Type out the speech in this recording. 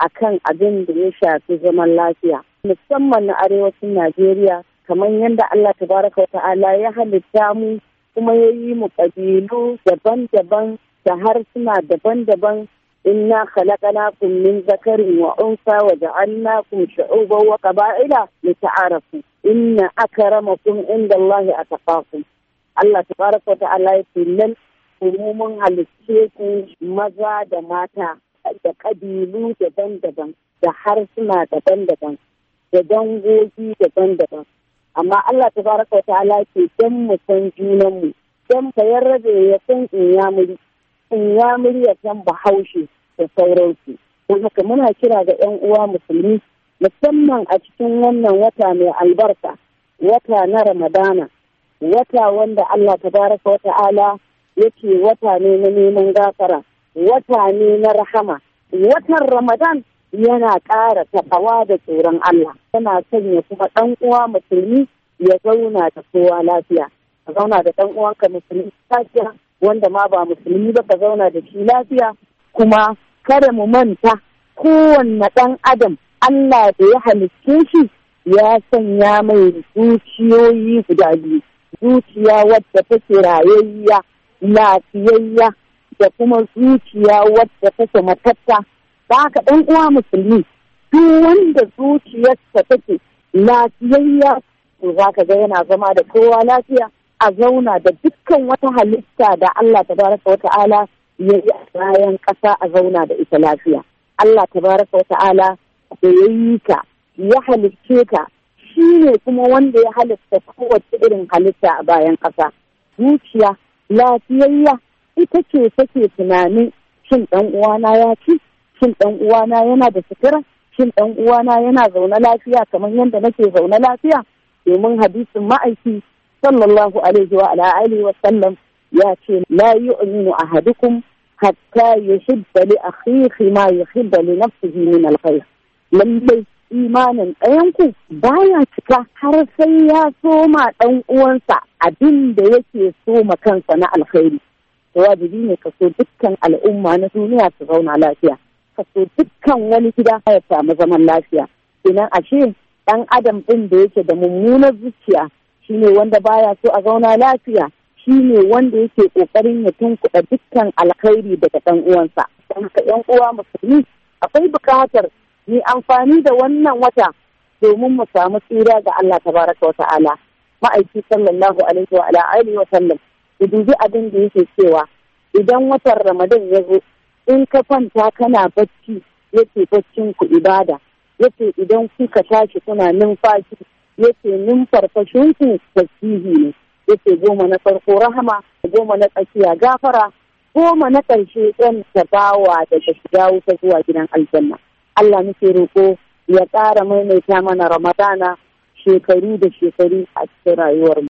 akan abin da ya shafi zaman lafiya musamman na arewacin Najeriya kamar yadda Allah tabaraka wa ta'ala ya halitta mu kuma ya yi mu ƙabilu daban-daban da harsuna daban-daban inna khalaqnakum min zakarin wa unsa wa ja'alnakum shu'uban wa qaba'ila lita'arafu inna akramakum inda Allah ataqakum Allah tabaraka wa ta'ala ya ce nan mun halicce maza da mata da ƙabilu daban-daban da harsuna daban-daban da dangogi daban-daban amma Allah ta baraka wa ala ke don mu san junanmu don ka yarrabe ya san in inyamuri in ya san bahaushe da sauransu don haka muna kira ga 'yan uwa musulmi musamman a cikin wannan wata mai albarka wata na ramadana wata wanda Allah ta baraka wata ala yake wata ne na neman gafara wata ne na rahama watan ramadan yana ƙara taɓawa da tsoron Allah yana sanya kuma ɗan uwa musulmi ya zauna da kowa lafiya ka zauna da ɗan uwanka musulmi lafiya wanda ma ba musulmi ba ka zauna da shi lafiya kuma kada mu manta kowanne ɗan adam Allah da ya halicce shi ya sanya mai zuciyoyi guda biyu zuciya wadda take rayayya lafiyayya da kuma zuciya wadda take matatta ba ka ɗan uwa musulmi duk wanda zuciyarsa take lafiyayya to za ka ga yana zama da kowa lafiya a zauna da dukkan wata halitta da Allah tabaraka wa ta'ala ya yi a bayan ƙasa a zauna da ita lafiya Allah tabaraka wa ta'ala da ya yi ka ya halicce ka shi ne kuma wanda ya halitta kowace irin halitta a bayan ƙasa zuciya lafiyayya ita ce take tunanin shin dan uwana ya ci shin dan uwana yana da sutura shin dan uwana yana zaune lafiya kamar yadda nake zaune lafiya domin hadisin ma'aiki sallallahu alaihi wa ala alihi wa sallam ya ce la yu'minu ahadukum hatta yuhibba li akhihi ma yuhibba li nafsihi min alkhair lallai imanin ɗayanku baya cika har sai ya soma ɗan uwansa abin da yake soma kansa na alkhairi wajibi ne ka so dukkan al'umma na duniya su zauna lafiya ka so dukkan wani gida ya samu zaman lafiya kenan ashe ɗan adam ɗin da yake da mummunar zuciya shine wanda baya so a zauna lafiya shine wanda yake ƙoƙarin ya tunkuɗa dukkan alkhairi daga ɗan uwansa don ka yan uwa musulmi akwai buƙatar mu amfani da wannan wata domin mu samu tsira ga Allah tabaraka wa ta'ala ma'aiki sallallahu alaihi wa alihi wa sallam ku dubi abin da yake cewa idan watan ramadan ya zo in ka kwanta kana bacci yake baccin ku ibada yake idan kuka tashi kuna numfashi yake numfarfashin ku tasiri ne yake goma na farko rahama goma na tsakiya gafara goma na ƙarshe ɗan tabawa da ta shiga wuta zuwa gidan aljanna Allah muke roƙo ya ƙara maimaita mana ramadana shekaru da shekaru a cikin rayuwarmu